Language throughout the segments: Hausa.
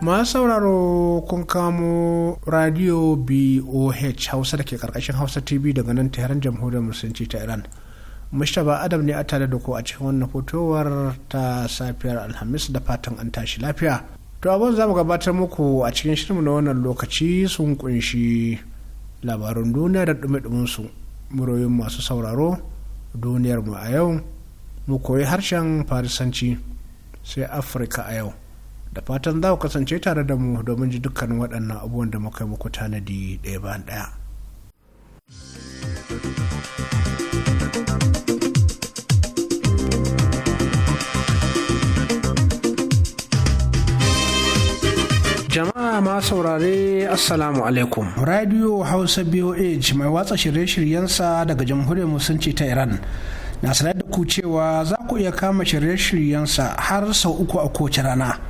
masu sauraro kun kamo radio boh hausa da ke karkashin hausa tv daga nan tehran jamhuriyar musulunci ta iran mustapha adam ne a tare da ku a cikin wannan fitowar ta safiyar alhamis da fatan an tashi lafiya to abin za mu gabatar muku a cikin shirin na wannan lokaci sun kunshi labarin duniya da dumi su muroyin masu sauraro duniyar mu a yau mu koyi harshen farisanci sai afirka a yau da fatan za ku kasance tare da mu domin ji dukkanin waɗannan abubuwan da muka yi muku tanadi ɗaya bayan ɗaya. Jama'a ma saurare Assalamu alaikum. Radio Hausa BOH mai watsa shirye-shiryensa daga Jamhuriyar Musulunci ta Iran. Na sanar da ku cewa za ku iya kama shirye-shiryensa har sau uku a kowace rana.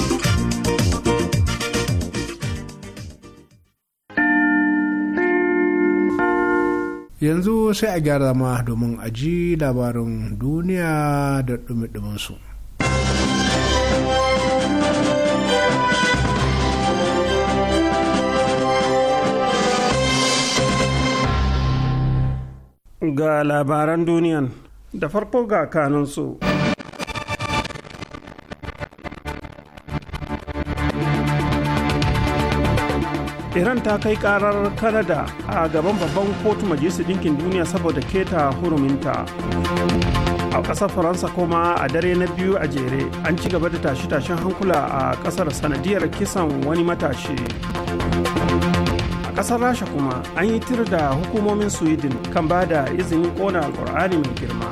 yanzu sai a gyara ma domin a ji labarin duniya da dumi ga labaran duniyan da farko ga kanunsu. iran ta kai karar kanada a gaban babban kotu majalisar ɗinkin duniya saboda keta huruminta a ƙasar faransa kuma a dare na biyu a jere an ci gaba da tashe-tashen hankula a ƙasar sanadiyar kisan wani matashi a ƙasar rasha kuma an yi tir da hukumomin sweden kan ba da izinin kona alkur'ani mai girma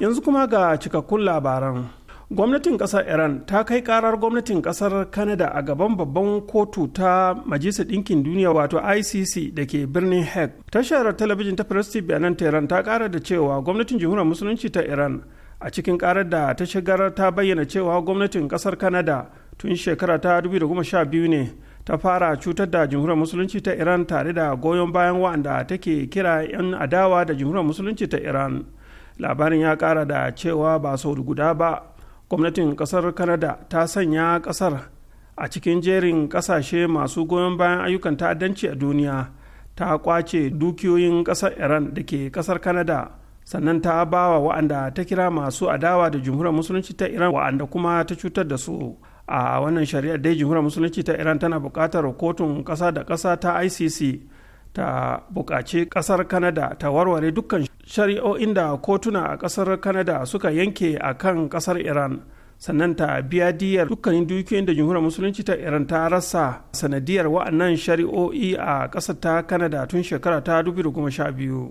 yanzu kuma ga cikakkun labaran gwamnatin kasar iran ta kai karar gwamnatin kasar canada a gaban babban kotu ta majalisar ɗinkin duniya wato icc da ke birnin hague tashar talabijin ta press tv a nan tehran ta kara da cewa gwamnatin jamhuriyar musulunci ta iran a cikin karar da ta shigar ta bayyana cewa gwamnatin kasar canada tun shekara ta 2012 ne ta fara cutar da jamhuriyar musulunci ta iran tare da goyon bayan wanda take kira 'yan adawa da jamhuriyar musulunci ta iran labarin ya kara da cewa ba sau guda ba gwamnatin kasar canada ta sanya kasar a cikin jerin kasashe masu goyon bayan ayyukan ta'addanci a duniya ta kwace dukiyoyin kasar iran da ke kasar canada sannan ta bawa wa'anda ta kira masu adawa da jumhuriyar musulunci ta iran wa'anda kuma ta cutar da su a wannan shari'ar dai jumhuriyar musulunci ta iran tana bukatar kotun kasa da kasa ta icc ta buƙaci ƙasar kanada ta warware dukkan shari'o'in da kotuna a ƙasar kanada suka yanke a kan ƙasar iran sannan ta biya diyar dukkanin dukiyoyin da jamhuriyar musulunci ta iran ta rasa sanadiyar wa'annan shari'o'i a ƙasar ta kanada tun shekara ta biyu.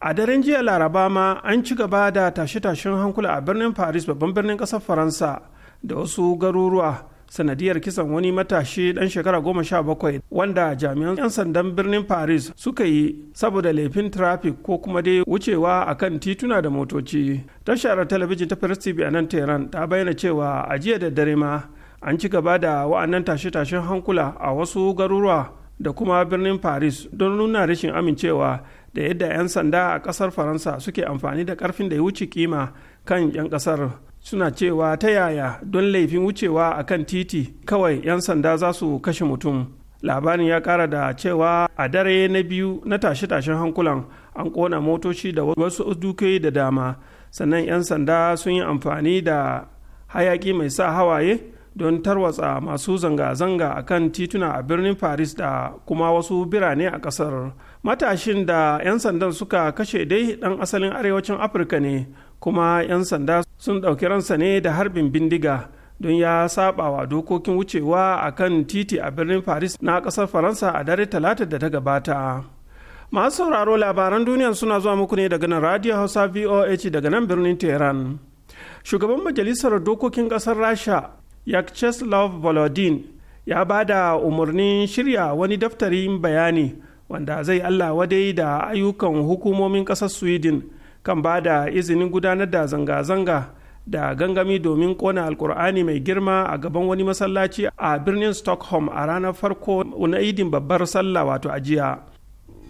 a daren jiya laraba ma an ci gaba da tashe-tashen hankula a birnin paris babban birnin ƙasar faransa da wasu garuruwa sanadiyar kisan wani matashi dan shekara goma sha bakwai wanda jami'an 'yan sandan birnin paris suka yi saboda laifin trafik ko kuma dai wucewa a kan tituna da motoci tashar talabijin ta paris tv a nan tehran ta bayyana cewa a jiya da dare ma an ci gaba da wa'annan tashe-tashen hankula a wasu garuruwa da kuma birnin paris don nuna rashin amincewa da yadda 'yan sanda a kasar faransa suke amfani da karfin da ya wuce kima kan 'yan kasar suna cewa ta yaya don laifin wucewa a kan titi kawai 'yan sanda za su kashe mutum labarin ya kara da cewa a dare na biyu na tashe-tashen hankulan an kona motoci da wasu dukiyoyi da dama sannan 'yan sanda sun yi amfani da hayaki mai sa hawaye don tarwatsa masu zanga-zanga a kan tituna a birnin paris da kuma wasu birane a kasar matashin da 'yan sandan suka kashe dai dan asalin arewacin afirka ne kuma 'yan sanda sun ɗauki ransa ne da harbin bindiga don ya wa dokokin wucewa a kan titi a birnin paris na ƙasar faransa a dare talata da ta gabata masu sauraro labaran duniya suna zuwa muku ne daga nan radio hausa voh daga nan birnin tehran shugaban majalisar dokokin ƙasar rasha yakcheslav volodin ya ba da umarnin shirya wani daftarin bayani wanda zai allah wadai da ayyukan hukumomin ƙasar sweden kan ba da izinin gudanar da zanga-zanga da gangami domin kona alkur'ani mai girma a gaban wani masallaci a birnin stockholm a ranar farko na idin babbar sallah wato ajiya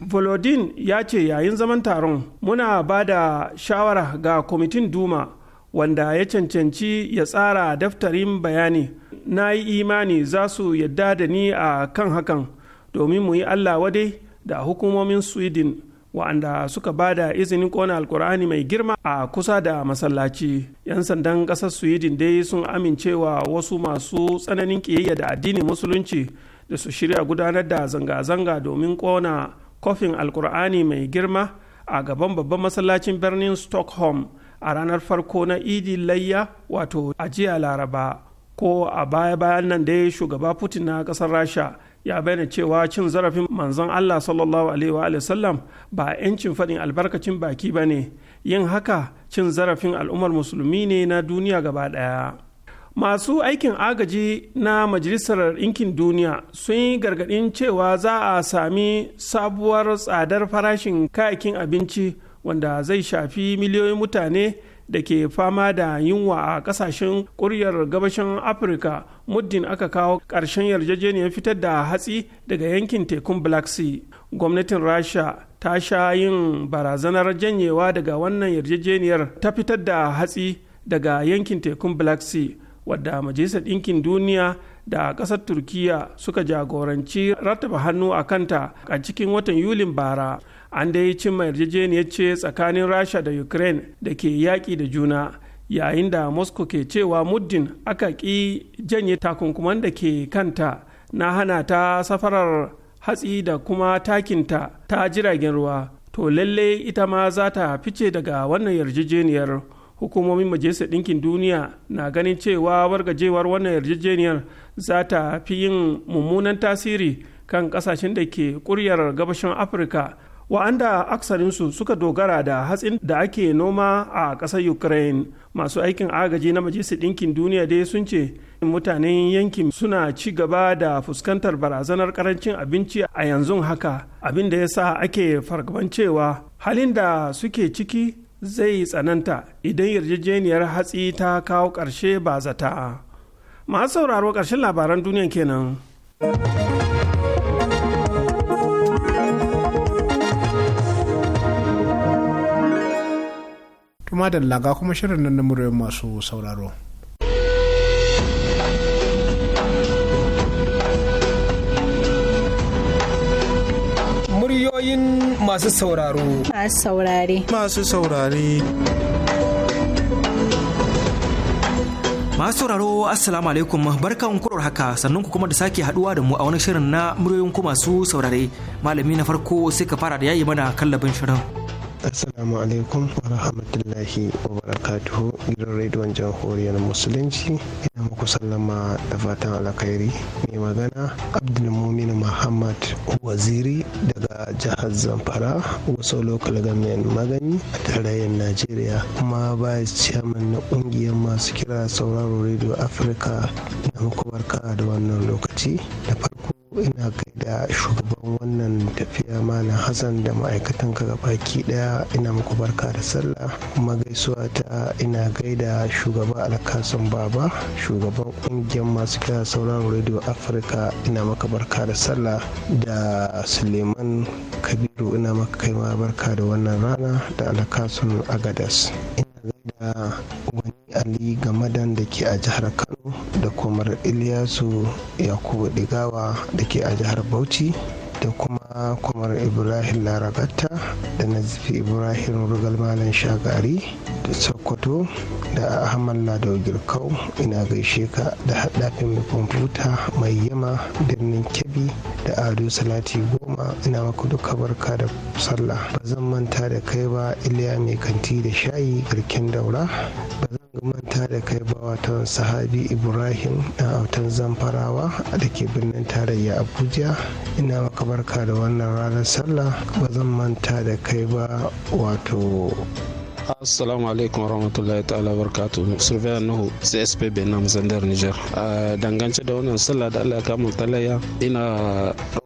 volodin ya ce yayin zaman taron muna ba da shawara ga kwamitin duma wanda ya cancanci ya tsara daftarin bayani na yi imani za su yadda da ni a kan hakan domin mu yi allah wadai da hukumomin sweden wa'anda suka ba da izinin kona alkur'ani mai girma a kusa da masallaci yan sandan ƙasar sweden dai sun amincewa wasu masu tsananin ƙiyayya da addinin musulunci da su shirya gudanar da zanga-zanga domin kona kofin alkur'ani mai girma a gaban babban masallacin birnin stockholm a ranar farko na idi layya wato a laraba ko a baya-bayan nan dai shugaba putin na ƙasar rasha ya bayyana cewa cin zarafin manzon Allah sallallahu alaihi wa sallam ba 'yancin faɗin albarkacin baki ba ne yin haka cin zarafin al'ummar musulmi ne na duniya gaba ɗaya. Masu aikin agaji na Majalisar Ɗinkin Duniya sun yi gargaɗin cewa za a sami sabuwar tsadar farashin kayakin abinci wanda zai shafi miliyoyin mutane da ke fama da yunwa a kasashen kuryar gabashin afirka muddin aka kawo ƙarshen yarjejeniyar fitar da hatsi daga yankin tekun black sea gwamnatin rasha ta sha yin barazanar janyewa daga wannan yarjejeniyar ta fitar da hatsi daga yankin tekun black sea wadda majalisar ɗinkin duniya da kasar turkiya suka jagoranci rattaba hannu a kanta a cikin watan yulin bara an da yi cimma yarjejeniyar ce tsakanin rasha da ukraine da ke yaƙi da juna yayin da moscow ke cewa muddin aka ƙi janye takunkuman da ke kanta na hana ta safarar hatsi da kuma takinta ta jiragen ruwa to lalle ita ma za ta fice daga wannan yarjejeniyar hukumomin majalisar ɗinkin duniya na ganin cewa wargajewar wannan yarjejeniyar za ta fi yin mummunan tasiri kan ƙasashen da ke ƙuryar gabashin afirka wa'anda aksarinsu suka dogara da hatsin da ake noma a ƙasar ukraine masu aikin agaji na majalisar ɗinkin duniya dai sun ce mutanen yankin suna ci gaba da fuskantar barazanar karancin abinci a yanzu haka abin da ya sa ake fargabancewa halin da suke ciki zai yi tsananta idan yarjejeniyar hatsi ta kawo ƙarshe ba zata masu sauraro ƙarshen labaran duniya kenan kuma da laga kuma shirin nan na masu sauraro Muryoyin masu sauraro. Masu saurare. Masu saurare. masu sauraro assalamu alaikum barkan kurar haka sannan ku kuma da sake haduwa da mu a wani shirin na muryoyin ku masu saurare malami na farko sai ka fara da yayi mana kallabin shirin. Assalamu alaikum wa rahmatullahi wa barakatuhu gidan rediyon jamhuriyar musulunci ina muku sallama da fatan alkhairi mai magana abdulmumin muhammad waziri daga jihar zamfara wasu local government magani a tarayyar najeriya kuma vice chairman na kungiyar masu kira sauraro rediyo afirka ina muku barka da wannan lokaci da ina gaida shugaban wannan tafiya malam hassan da ma'aikatan ka baki daya ina muku barka da sallah kuma gaisuwa ta ina gaida shugaba alkasun baba shugaban kungiyar masu kira sauran radio afirka ina maka barka da sallah da suleiman kabiru ina maka kai ma barka da wannan rana da alkasun agadas da wani ali gamadan da ke a jihar kano da kuma iliyasu yakubu digawa da ke a jihar bauchi da kuma kwamar ibrahim larabatta da nazifi ibrahim rugal malam shagari da sokoto da ahmad lado girkau ina gaishe ka da haɗafin mai kwamfuta mai yama birnin kebbi da ado salati goma ina maku duka barka da sallah ba zan manta da kai ba iliya mai kanti da shayi garken daura manta da kai ba watan sahabi ibrahim a autan zamfarawa da ke birnin tarayya abuja ina maka barka da wannan ranar sallah ba zan manta da kai ba wato assalamu alaikum warahmatullahi ta'ala barkatu surveya nuhu csp benin zandar niger ah, dangance da wannan sallah da allah ya talaya ina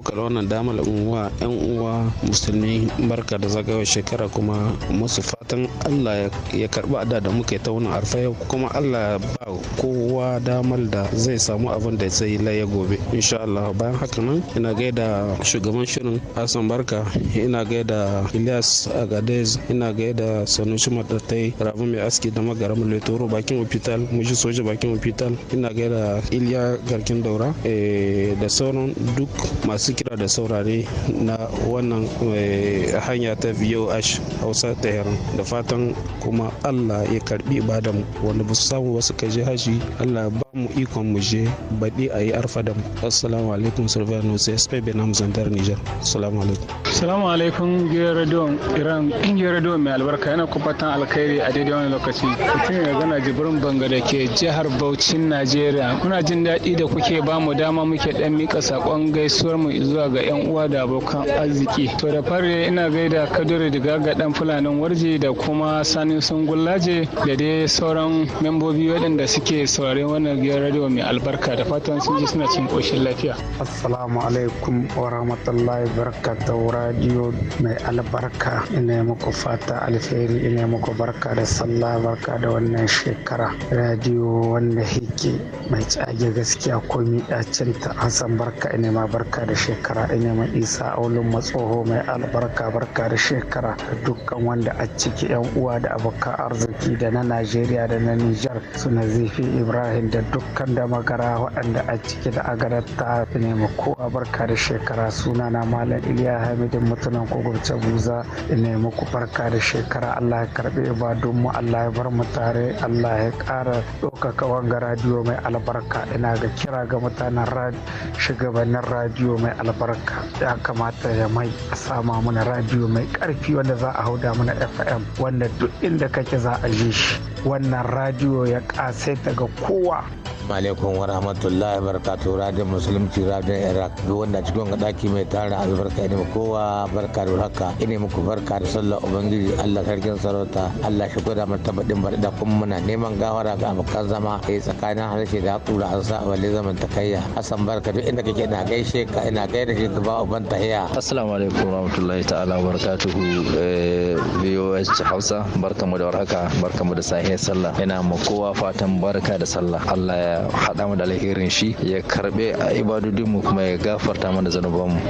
kar wannan damar unwa yan uwa musulmi barka da zagaya shekara kuma musu fatan allah ya karba da da yi ta wani arfa kuma allah ya ba kowa damar da zai samu abin da zai laye gobe insha allah bayan haka nan ina gaida shugaban shirin hassan barka ina gaida ilyas agadez ina gaida sanusi matattai rabu mai aski da magaram letoro bakin hospital muji soja bakin hospital ina gaida iliya garkin daura eh, da sauran duk masu kira da saurare na wannan eh, hanya ta VOH Hausa Tehran da fatan kuma Allah ya karbi ibadan wanda ba su samu wasu kaje haji Allah mu ikon mu je baɗi a yi arfa da mu assalamu alaikum surveyor nusa sp benam zandar niger assalamu alaikum assalamu alaikum iran gidan radio mai albarka yana kubatan alkhairi a daidai wani lokaci mutum ya gana jibirin banga da ke jihar bauchin najeriya kuna jin daɗi da kuke ba mu dama muke ɗan mika sakon gaisuwar mu zuwa ga yan uwa da abokan arziki to da fari ina gaida kaduri da ga dan fulanin warje da kuma sani sungullaje da dai sauran membobi waɗanda suke saurari wannan gidan radio mai albarka da fatan sun ji suna cin koshin lafiya assalamu alaikum wa rahmatullahi barka barakatuh radio mai albarka ina muku fata alheri ina muku barka da sallah barka da wannan shekara radio wanda yake mai tsage gaskiya ko mi ta hassan barka ina ma barka da shekara ina ma isa aulun matsoho mai albarka barka da shekara dukkan wanda a ciki yan uwa da abokan arziki da na najeriya da na nijar suna zifi ibrahim da dukkan da magara waɗanda a ciki da agarar ta ne ma kowa barka da shekara suna na malam iliya hamidin mutunan kogurce buza ne muku barka da shekara allah ya karbe ba don mu allah ya bar mu tare allah ya ƙara ɗaukaka wanga radio mai albarka ina ga kira ga mutanen shugabannin radio mai albarka ya kamata ya mai a sama mana radiyo mai ƙarfi wanda za a hau hauda mana fm wanda duk inda kake za a ji shi wannan radio ya ƙasaita daga kowa alaikum wa rahmatullahi barakatuhu radiyon musulunci radiyon iraq duk wanda cikin ga daki mai tara albarka ne kowa barka da haka ine muku barka da sallah ubangiji allah sarkin sarauta allah shi gwada mata baɗin barɗa kuma muna neman gawara ga abokan zama a eh, yi tsakanin harshe da hatsura an sa wale zaman takayya asan barka duk inda kake na gaishe ka ina gaida shi ka ba uban tahiya assalamu alaikum rahmatullahi ta'ala barakatuhu eh, vos hausa barkamu da warhaka barkamu da sahiyar sallah ina ma kowa fatan barka da sallah allah ya haɗa mu da alherin shi ya karbe ibadodin mu kuma ya gafarta mana zanuban mu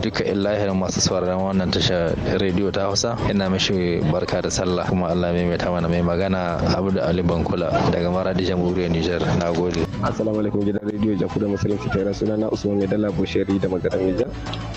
duka illahirin masu sauraron wannan tasha rediyo ta Hausa ina mishi barka da sallah kuma Allah mai mai mana mai magana Abdul Ali Bankula daga Maradi Jamhuriyar Nijar nagode assalamu alaikum gidan rediyo Jakuda Musulunci tare suna na Usman Mai Dala Bushiri da magana Nijar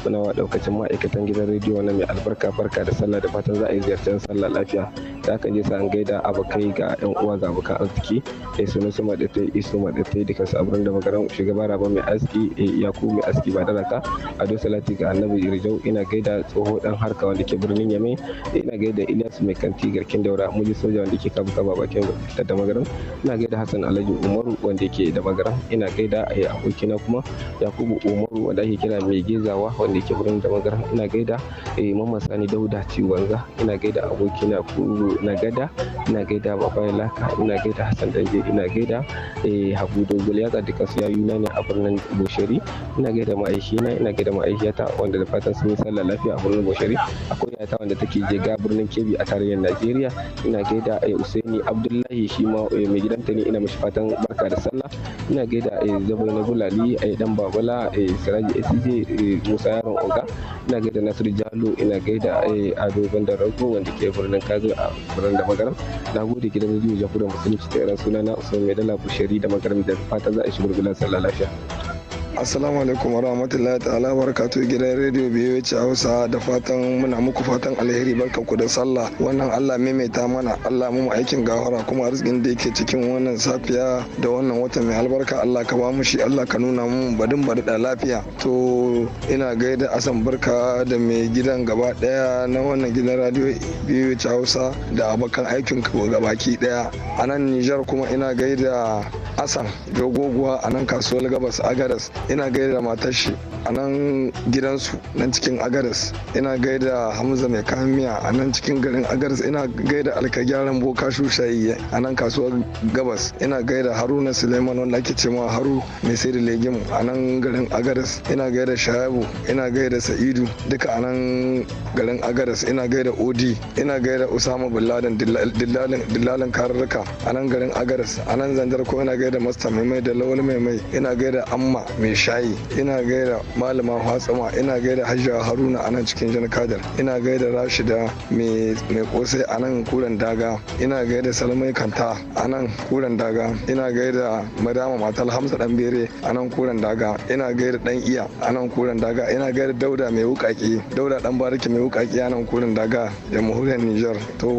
suna wa daukacin ma'aikatan gidan rediyo na mai albarka barka da sallah da fatan za a yi ziyarcen sallah lafiya da kan je san gaida abokai ga yan uwa ga abokan arziki ya eh, suna su madatai isu da duka sabon da magaran shugaba raba mai aski eh, ku mai aski ba a dosa lati ga annabi irijau ina gaida tsoho dan harka wanda ke birnin yame ina gaida ilyas mai kanti garkin daura muji soja wanda ke kabu kaba bakin da magaran ina gaida hassan alhaji umaru wanda ke da magaran ina gaida eh, abokina kuma yakubu umaru wanda ake kira mai gezawa wanda ke birnin da magaran ina gaida mamman sani dauda ciwanza ina gaida abokina kuru na ina gaida ina gaida Babayi Laka ina gaida Hassan Dange ina gaida eh, Habu Dogol ya ga dukkan su yayu na ne a birnin Boshari ina gaida ma'aishi na ina gaida ma'aishiyata wanda da fatan sun yi sallah lafiya a birnin Boshari akwai yata wanda take je ga birnin kebi a tarayyar Najeriya ina gaida eh, Usaini Abdullahi shi ma eh, mai gidanta ne ina mashi fatan barka da sallah ina gaida Zabai na Bulali dan Babala Siraji SJ Musa Yaron Oga ina gaida nasiru jalo ina gaida a eh, ado da rago wanda ke birnin kazo a birnin da magaram na gode gidan rediyo jamhuriyar musulunci ta iran suna na usman mai dala bushari da magaram da fata za a shi gurgulan sallah lafiya assalamu alaikum warahmatullahi ta'ala barakatu gidan rediyo biyu hausa da fatan muna muku fatan alheri barka ku da sallah wannan allah maimaita mana allah mu aikin gawara kuma arzikin da yake cikin wannan safiya da wannan wata mai albarka allah ka ba mu shi allah ka nuna mu badin bari da lafiya to ina gaida asan barka da mai gidan gaba daya na wannan gidan radio biyu hausa da abokan aikin ka baki daya a nan nijar kuma ina gaida asan dogoguwa a nan kasuwar gabas agadas ina gaida matar shi a nan gidansu nan cikin agaris ina gaida hamza mai kamiya a nan cikin garin agaris ina gaida alka gyaran boka shushayi a nan kasuwar gabas ina gaida haruna suleiman wanda ake ce ma haru mai sai da legim a nan garin agaris ina gaida shayabu ina gaida sa'idu duka a nan garin agaris ina gaida odi ina gaida usama bin laden dillalin kararraka a nan garin agaris a nan zanjar ko ina gaida masta mai mai da lawal mai mai ina gaida amma mai mai shayi ina gaida malama hatsama ina gaida hajjia haruna a nan cikin jan kadar ina gaida rashida mai kosai a nan kuren daga ina gaida salmai kanta a nan kuren daga ina gaida madama matal hamsa dan bere a nan kuren daga ina gaida dan iya a nan kuren daga ina gaida dauda mai wukaki dauda dan bariki mai wukaki a nan kuren daga jamhuriyar niger to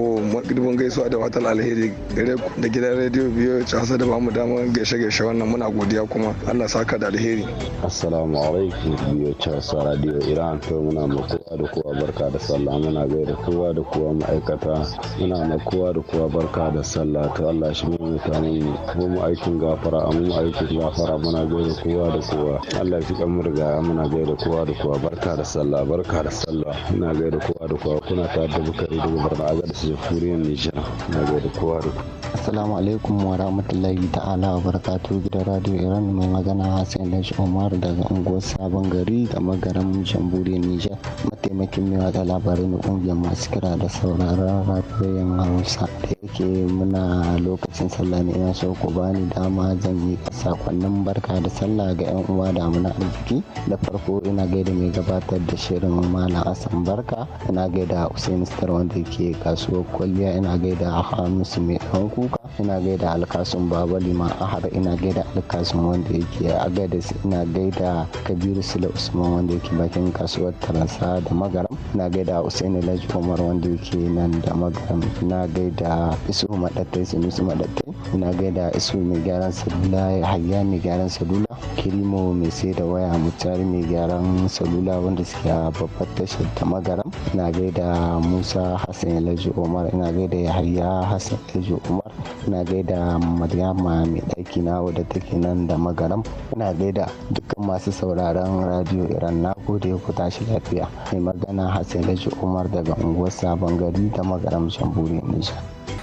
girbin gaisuwa da watal alheri gare da gidan rediyo biyu ci hasa da bamu damar gaishe gaishe wannan muna godiya kuma allah saka da alheri alheri assalamu alaikum biyo casa radio iran to muna makowa da kowa barka da sallah muna da kowa da kowa ma'aikata muna makowa da kowa barka da sallah to allah shi mai mutane mu mu aikin gafara a mu aikin gafara muna da kowa da kowa allah shi kan murga muna da kowa da kowa barka da sallah barka da sallah muna da kowa da kowa kuna tare da bukari daga barna a gadar jamhuriyar nijar muna da kowa da kowa Assalamu alaikum wa rahmatullahi ta'ala wa barakatuhu gidan Radio Iran mai magana Hassan Lash Omar daga unguwar Sabon Gari ga magaran Jamhuriyar Nijar. Mataimakin mai watsa labarai na kungiyar masu kira da sauraron rafiyoyin Hausa. Da yake muna lokacin sallah ne ina so ku bani dama zan yi sakonnin barka da sallah ga yan uwa da muna arziki. Da farko ina gaida mai gabatar da shirin Malam Hassan Barka, ina gaida usain Star wanda ke kasuwar kwalliya, ina gaida Hamisu mai ɗanku kuka ina gaida alkasun baba lima ahara ina gaida alkasun wanda yake agadis ina gaida kabiru sule usman wanda yake bakin kasuwar taransa da magaram ina gaida usaini laji umar wanda yake nan da magaram ina gaida isu madattai sinusu madattai ina gaida isu mai gyaran ya hayya mai gyaran salula kirimo mai sai da waya mutari mai gyaran salula wanda suke a babbar tashar ta magaram na gaida musa hassan yalaji umar ina gaida yahaya hassan yalaji umar ina gaida maryama mai ɗaki na wadda take nan da magaram ina gaida dukkan masu sauraron radio iran na gode ku tashi lafiya mai magana hassan yalaji umar daga unguwar sabon gari ta magaram shamburi nijar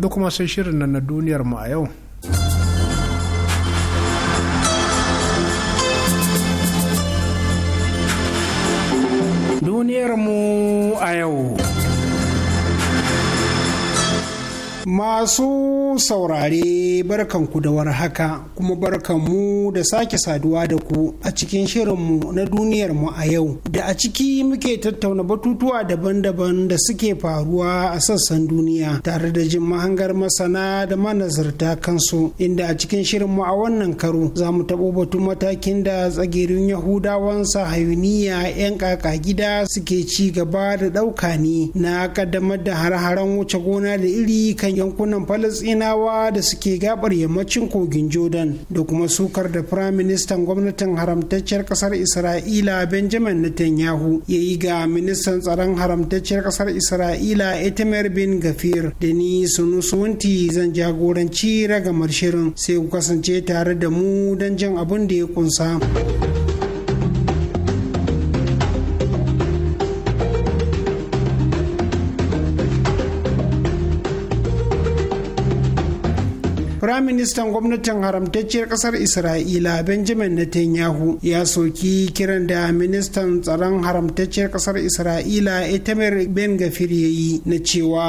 yanzu kuma sai shirin nan na duniyar mu a yau duniyar mu a yau Masu saurare barkanku da war haka kuma barkanmu da sake saduwa da ku a cikin shirinmu na duniyarmu a yau da a ciki muke tattauna batutuwa daban-daban da suke faruwa a sassan duniya tare da jin mahangar masana da manazarta kansu inda a cikin shirinmu a wannan karo za mu taɓo batun matakin da tsagerin yahudawan sahayuniya 'yan kaka gida suke ci gaba da ɗauka ne na ƙaddamar da har-haren wuce gona da iri kan yankunan falasinawa da suke gabar yammacin kogin jordan da kuma sukar da firaministan gwamnatin haramtacciyar kasar isra'ila benjamin netanyahu ya yi ga ministan tsaron haramtacciyar kasar isra'ila itamar bin gafir da ni sunusunti zan jagoranci ragamar shirin sai ku kasance tare da mu don jin abin da ya kunsa. ministan gwamnatin haramtacciyar kasar isra'ila benjamin netanyahu ya soki kiran da ministan tsaron haramtacciyar kasar isra'ila itamar ben gafir ya yi na cewa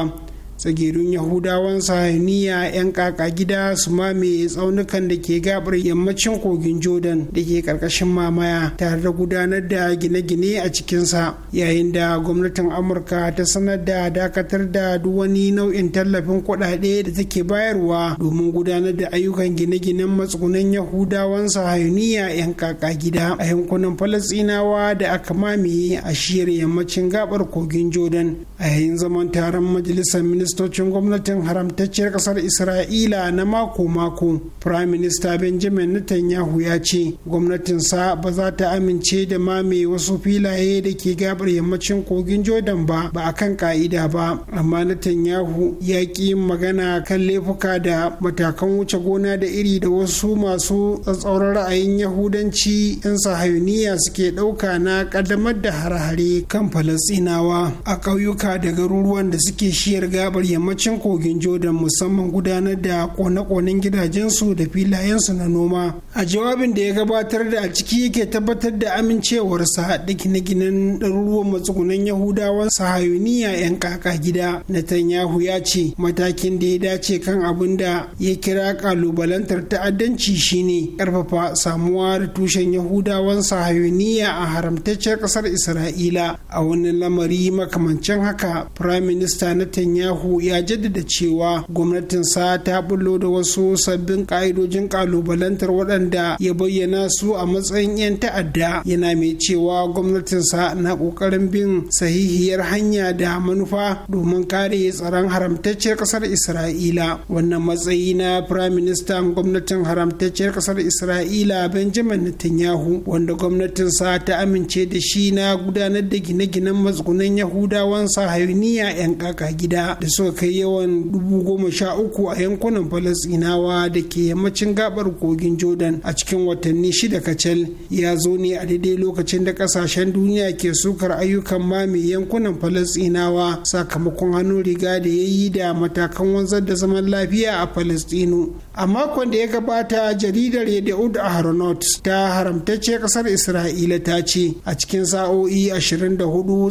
tsagerun yahudawan sahaniya 'yan kaka gida su mamaye tsaunukan da ke gabar yammacin kogin jordan da ke karkashin mamaya tare da gudanar da gine-gine a cikinsa yayin da gwamnatin amurka ta sanar da dakatar da duk wani nau'in tallafin kuɗaɗe da take bayarwa domin gudanar da ayyukan gine-ginen matsugunan yahudawan sahaniya 'yan kaka gida a yankunan falasinawa da aka mamaye a shiyar yammacin gabar kogin jordan a yayin zaman taron majalisar ministocin gwamnatin haramtacciyar kasar isra'ila na mako-mako prime minister benjamin netanyahu ya ce gwamnatinsa ba za ta amince da mame wasu filaye da ke gabar yammacin kogin jordan ba ba a kan ka'ida ba amma netanyahu ya ƙi magana kan laifuka da matakan wuce gona da iri da wasu masu tsatsauran ra'ayin yahudanci 'yan sahayuniya suke ɗauka na ƙaddamar da hare-hare kan falasinawa a ƙauyuka da garuruwan da suke shiyar gabar gabar yammacin kogin jordan musamman gudanar da kone-konen gidajensu da filayensu na noma a jawabin da ya gabatar da a ciki yake tabbatar da amincewarsa da gine-ginen ɗaruruwan matsugunan yahudawan sahayuniya 'yan kaka gida netanyahu ya ce matakin da ya dace kan abin da ya kira kalubalantar ta'addanci shine karfafa samuwa da tushen yahudawan sahayuniya a haramtaccen ƙasar isra'ila a wani lamari makamancin haka prime minister netanyahu netanyahu ya jaddada cewa gwamnatinsa ta bullo da wasu sabbin ka'idojin ƙalubalantar waɗanda ya bayyana su a matsayin 'yan ta'adda yana mai cewa gwamnatinsa na ƙoƙarin bin sahihiyar hanya da manufa domin kare tsaron haramtacciyar ƙasar isra'ila wannan matsayi na firayim ministan gwamnatin haramtacciyar ƙasar isra'ila benjamin netanyahu wanda gwamnatinsa ta amince da shi na gudanar da gine-ginen matsugunan yahudawan sahayuniya 'yan kaka gida da suka kai yawan dubu goma sha uku a yankunan falasinawa da ke yammacin gabar kogin jordan a cikin watanni shida kacal ya zo ne a daidai lokacin da kasashen duniya ke sukar ayyukan mamaye yankunan falasinawa sakamakon hannun riga da ya yi da matakan wanzar da zaman lafiya a falastinu a makon da ya gabata jaridar yadda'ud ahronot ta haramtacce kasar isra'ila ta ce a cikin sa'o'i 24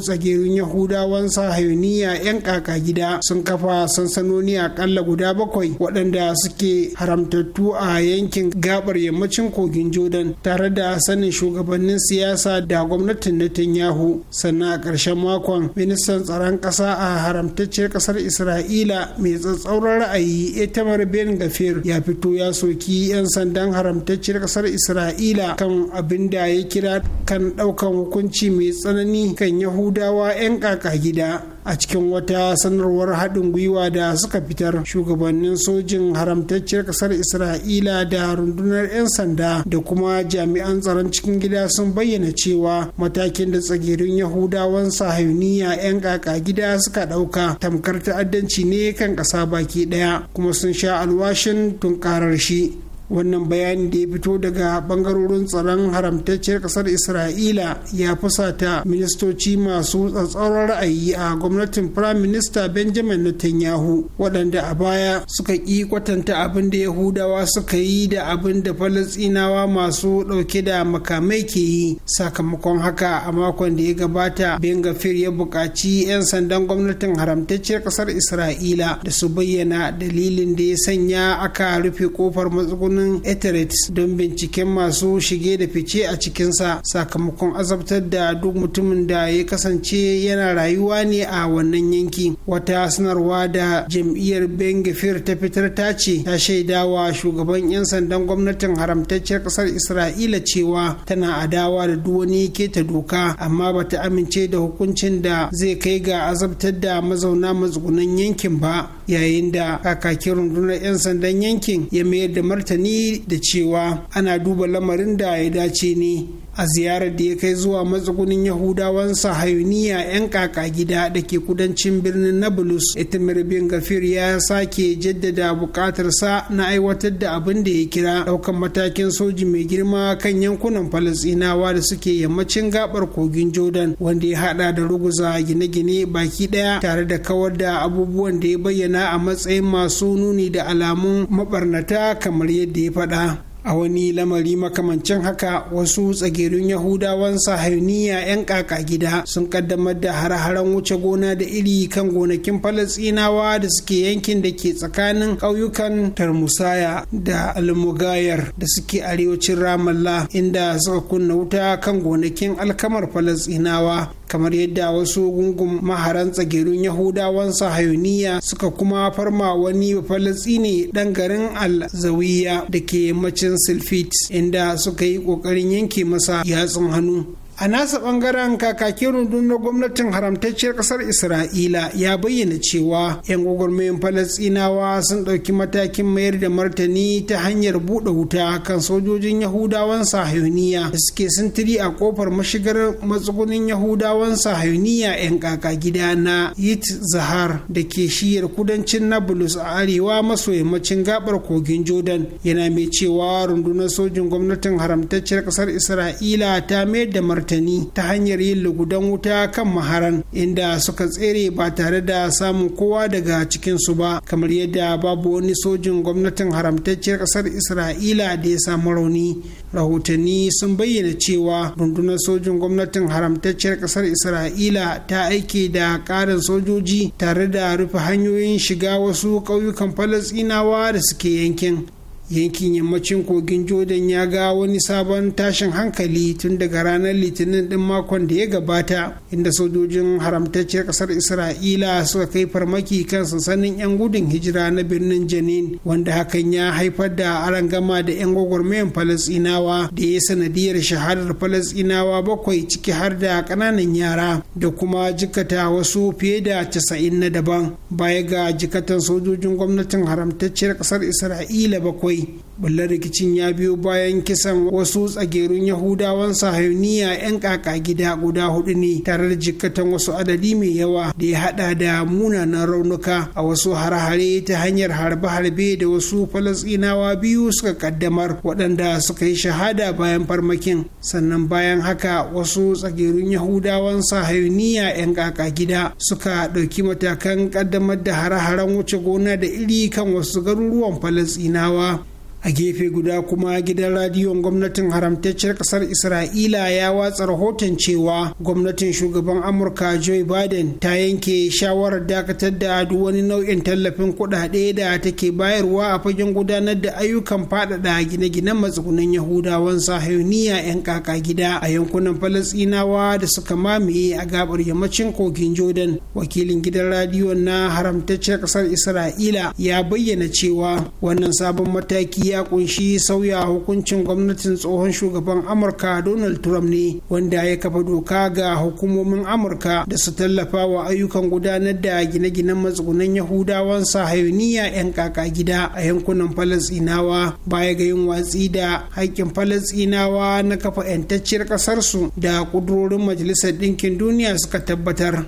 tsagerin yahudawan sahayoniya 'yan kaka gida sun sun kafa sansanoni akalla guda bakwai waɗanda suke haramtattu a yankin gabar yammacin kogin jordan tare da sanin shugabannin siyasa da gwamnatin netanyahu sannan a ƙarshen makon ministan tsaron ƙasa a haramtacciyar ƙasar isra'ila mai tsatsauran ra'ayi etamar ben gafir ya fito ya soki 'yan sandan haramtacciyar ƙasar isra'ila kan abin da ya kira kan ɗaukan hukunci mai tsanani kan yahudawa 'yan ƙaƙa gida a cikin wata sanarwar haɗin gwiwa da suka fitar shugabannin sojin haramtacciyar ƙasar isra'ila da rundunar 'yan sanda da kuma jami'an tsaron cikin gida sun bayyana cewa matakin da tsagirin yahudawan sahayuniya 'yan kaka gida suka ɗauka tamkar ta'addanci ne kan ƙasa baki ɗaya kuma sun sha alwashin tunkarar shi wannan bayanin da ya fito daga bangarorin tsaron haramtacciyar kasar isra'ila ya fusata ministoci masu tsatsauran ra'ayi a gwamnatin prime minister benjamin netanyahu waɗanda a baya suka ƙi kwatanta abin da yahudawa suka yi da abin da falasinawa masu ɗauke da makamai ke yi sakamakon haka a makon da ya gabata ben gafir ya buƙaci 'yan sandan gwamnatin haramtacciyar kasar isra'ila da su bayyana dalilin da ya sanya aka rufe kofar matsugunan birnin Eteret don binciken masu shige da fice a cikinsa sakamakon azabtar da duk mutumin da ya kasance yana rayuwa ne a wannan yanki. Wata sanarwa da jam'iyyar Bengafir ta fitar ta ce ta shaidawa shugaban 'yan sandan gwamnatin haramtacciyar ƙasar Isra'ila cewa tana adawa da duk wani keta doka amma ba ta amince da hukuncin da zai kai ga azabtar da mazauna matsugunan yankin ba. yayin da kakakin rundunar 'yan sandan yankin ya mayar da martani da cewa ana duba lamarin da ya dace ne a ziyarar da ya kai zuwa matsugunin yahudawan sahayuniya 'yan kaka gida da ke kudancin birnin nablus itamir bin gafir ya sake jaddada bukatarsa na aiwatar da abin da ya kira daukan matakin soji mai girma kan yankunan falasinawa da suke yammacin gabar kogin jordan wanda ya hada da ruguza gine-gine baki daya tare da kawar da abubuwan da ya bayyana a matsayin masu nuni da alamun mabarnata kamar yadda ya faɗa a wani lamari makamancin haka wasu tsagerun yahudawan sahayuniya 'yan kaka gida sun kaddamar da hare-haren wuce gona da iri kan gonakin falasinawa da suke yankin da ke tsakanin ƙauyukan tarmusaya da almugayar da suke arewacin ramallah inda suka kunna wuta kan gonakin alkamar falasinawa kamar yadda wasu gungun maharan tsagerun yahudawan sahayuniya suka kuma farma wani falastini dan garin al-zawiya da ke macin silfit inda suka yi kokarin yanke masa yatsun hannu a nasa bangaren kakakin rundunar gwamnatin haramtacciyar kasar isra'ila ya bayyana cewa 'yan gwagwarmayin falasinawa sun ɗauki matakin mayar da martani ta hanyar buɗe wuta kan sojojin yahudawan sahauniya da suke sintiri a kofar mashigar matsugunin yahudawan sahauniya 'yan kaka gida na yit zahar da ke shiyar kudancin nablus a arewa maso yammacin gabar kogin jordan yana mai cewa rundunar sojin gwamnatin haramtacciyar kasar isra'ila ta mayar da martani martani ta hanyar yin lugudan wuta kan maharan inda suka tsere ba tare da samun kowa daga cikinsu ba kamar yadda babu wani sojin gwamnatin haramtacciyar ƙasar isra'ila da ya samu rauni rahotanni sun bayyana cewa rundunar sojin gwamnatin haramtacciyar ƙasar isra'ila ta aike da ƙarin sojoji tare da rufe hanyoyin shiga wasu ƙauyukan falasɗinawa da suke yankin yankin yammacin kogin jordan ya ga wani sabon tashin hankali tun daga ranar litinin din makon da ya gabata inda sojojin haramtacciyar kasar isra'ila suka kai farmaki kan sansanin 'yan gudun hijira na birnin janin wanda hakan ya haifar da arangama da 'yan gwagwarmayan falasinawa da ya sanadiyar shahadar falasinawa bakwai ciki har da kananan yara da kuma jikata wasu fiye da casa'in na daban baya ga jikatan sojojin gwamnatin haramtacciyar kasar isra'ila bakwai we balle rikicin ya biyo bayan kisan wasu tsagerun yahudawan sahayuniya 'yan kaka gida guda hudu ne tare da jikkatan wasu adadi mai yawa da ya hada da munanan raunuka a wasu harhare ta hanyar harbe-harbe da wasu falasinawa biyu suka kaddamar waɗanda suka yi shahada bayan farmakin sannan bayan haka wasu tsagerun yahudawan sahayuniya 'yan kaka gida suka ɗauki matakan kaddamar da hare-haren wuce gona da iri kan wasu garuruwan falasinawa a gefe guda kuma gidan radiyon gwamnatin haramtacciyar kasar isra'ila ya watsa rahoton cewa gwamnatin shugaban amurka joe biden ta yanke shawarar dakatar da duk wani nau'in tallafin kudade da take bayarwa a fagen gudanar da ayyukan faɗaɗa gine-ginen matsugunan yahudawan sahuniya 'yan kaka gida a yankunan falasinawa da suka mamaye a gabar yammacin kogin jordan wakilin gidan radiyon na haramtacciyar kasar isra'ila ya bayyana cewa wannan sabon mataki ya ya kunshi sauya hukuncin gwamnatin tsohon shugaban amurka donald trump ne wanda ya kafa doka ga hukumomin amurka da su tallafa wa ayyukan gudanar da gine-ginen matsugunan yahudawan sahayoniya 'yan kaka gida a yankunan falasinawa baya ga yin watsi da haƙƙin falasinawa na kafa 'yantacciyar ƙasarsu da ƙudurorin majalisar ɗinkin duniya suka tabbatar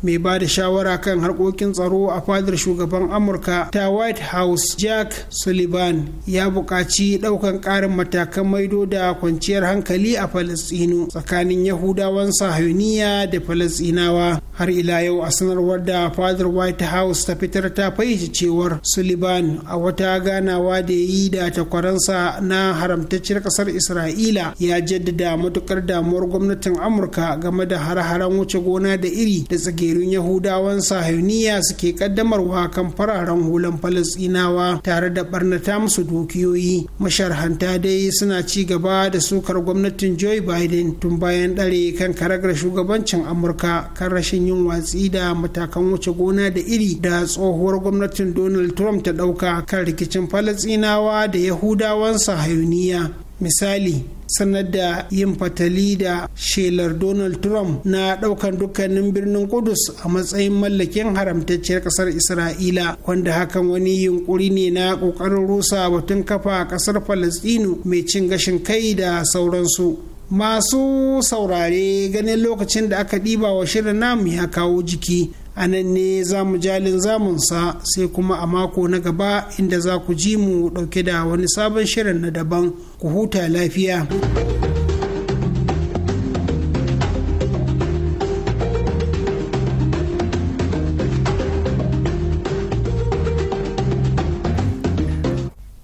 mai ba da shawara kan harkokin tsaro a fadar shugaban amurka ta white house jack sullivan ya buƙaci ɗaukan ƙarin matakan maido da kwanciyar hankali a falastinu tsakanin yahudawan sahuniya da falasinawa har ila yau a sanarwar da fadar white house ta fitar ta fayyace cewar sullivan a wata ganawa da ya yi da takwaransa na haramtacciyar ƙasar isra'ila ya jaddada matukar damuwar gwamnatin amurka game da hare-haren wuce gona da iri da tsage ƙerun yahudawan sahiyoniya suke kaddamarwa kan fararen hulan falasɗinawa tare da barnata musu dukiyoyi masharhanta dai suna ci gaba da sukar gwamnatin joe biden tun bayan dare kan karagar shugabancin amurka kan rashin yin watsi da matakan wuce gona da iri da tsohuwar gwamnatin donald trump ta dauka kan rikicin falasɗinawa da yahudawan sahayoniya misali sanar da yin fatali da shelar donald trump na daukan dukkanin birnin kudus a matsayin mallakin haramtacciyar kasar isra'ila wanda hakan wani yunkuri ne na kokarin rusa batun kafa a kasar falastinu mai cin gashin kai da sauransu masu saurare ganin lokacin da aka ɗiba wa shirin namu ya kawo jiki a nan ne za mu jalin zamunsa sai kuma a mako na gaba inda za ku ji mu dauke da wani sabon shirin na daban ku huta lafiya.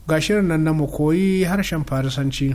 ga shirin nan na mu koyi harshen farisanci.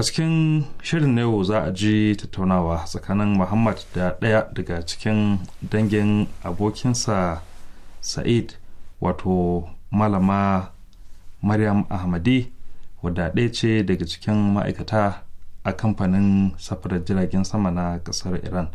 a cikin shirin ne za a ji tattaunawa tsakanin muhammad da ɗaya daga cikin dangin abokinsa sa'id wato malama maryam ahmadi wadda ɗaya ce daga cikin ma'aikata a kamfanin safarar jiragen sama na ƙasar iran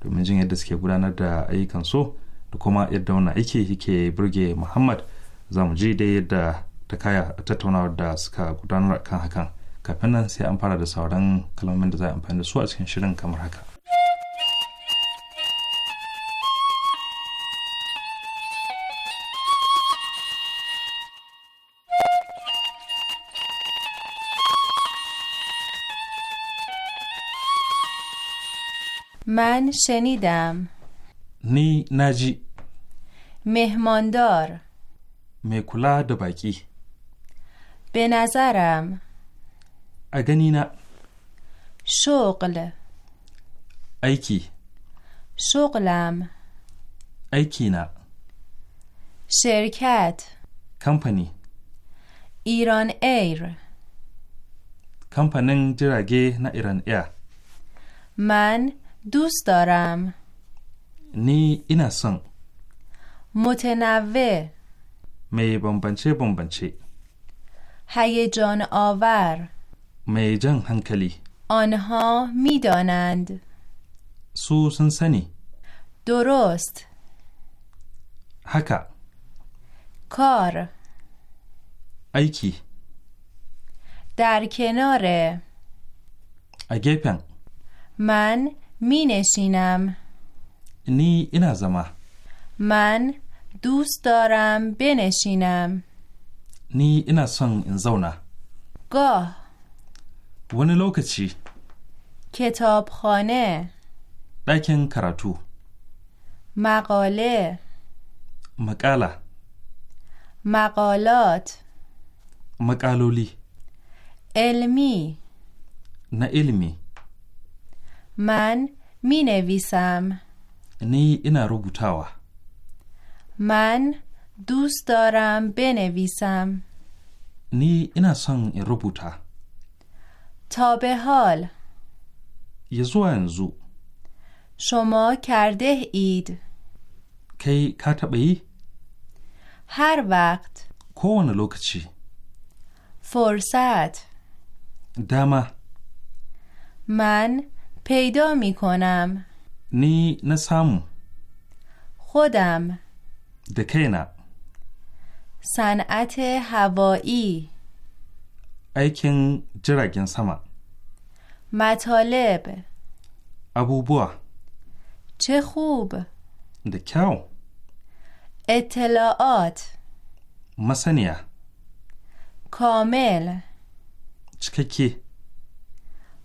domin jin yadda suke gudanar da ayyukan so da kuma yadda wani aiki yake burge muhammad za mu ji da yadda ta kaya a tattaunawar da suka gudanar kan hakan kafin nan sai an fara da sauran kalmomin da za a amfani da su a cikin shirin kamar haka من شنیدم نی نجی مهماندار مکولا دباکی به نظرم a شغل ایکی شغلم ایکی نا شرکت کمپنی ایران ایر kamfanin نا نه ایران ایر من دوست دارم نی اینا سن متنوع می بمبنچه بمبنچه هیجان آور میجن هنکلی آنها میدانند سو سنسنی درست حکا کار ایکی در کنار اگه من می نشینم نی این ازما من دوست دارم بنشینم نی این سون این زونه گاه wani lokaci kitabkhane ɗakin karatu maƙale Makala. maƙalot Makaloli. ilmi na ilmi man minevisam ni ina rubutawa man dustaram benevisam ni ina son in rubuta تا به حال یزوانزو شما کرده اید کی کتبی هر وقت کون لوکچی فرصت دما من پیدا می کنم نی نسام خودم دکینا صنعت هوایی ایکین جرگین سمع مطالب ابوبو چه خوب دکاو اطلاعات مسنیه کامل چککی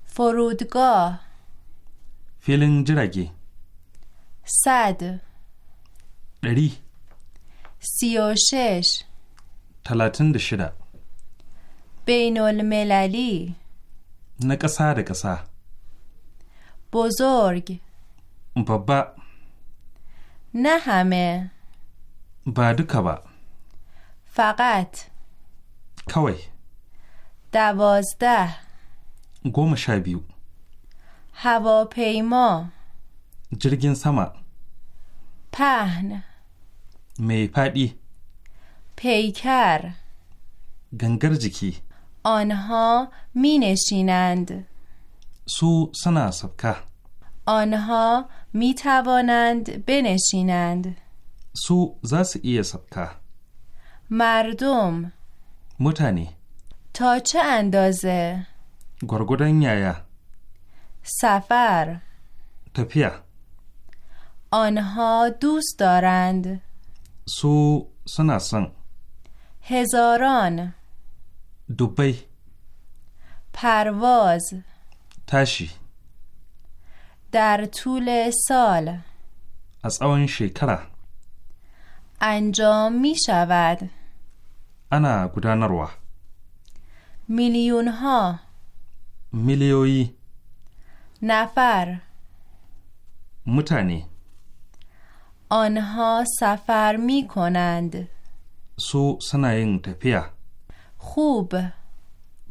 فرودگاه فیلن جرگی صد اری سی و شش تلاتن دشده بین المللی na ƙasa da ƙasa. Bozorg. Babba. Na hame. Ba duka ba. Fakat. Kawai. Dabozda. Goma sha biyu. Hawapaima. Jirgin sama. Pahn. Mai faɗi. Paikar. Gangar jiki. آنها می نشینند سو سنا سبکه آنها می توانند بنشینند سو زس ای سبکه مردم متنی تا چه اندازه گرگودن یایا سفر تپیا آنها دوست دارند سو سناسن هزاران دوبی پرواز تشی در طول سال از اون شکره انجام می شود انا گدانروا میلیون ها میلیوی نفر متنی آنها سفر می کنند سو سناین تپیه خوب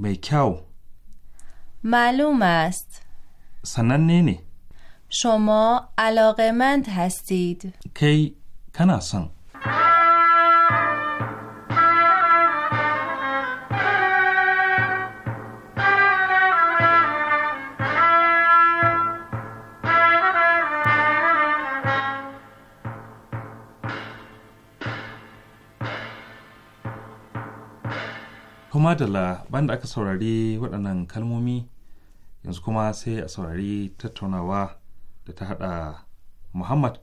mai معلوم است سنن نینی شما مند هستید کی کناسن؟ To madalla banda aka saurari waɗannan kalmomi yanzu kuma sai a saurari tattaunawa da ta hada Muhammad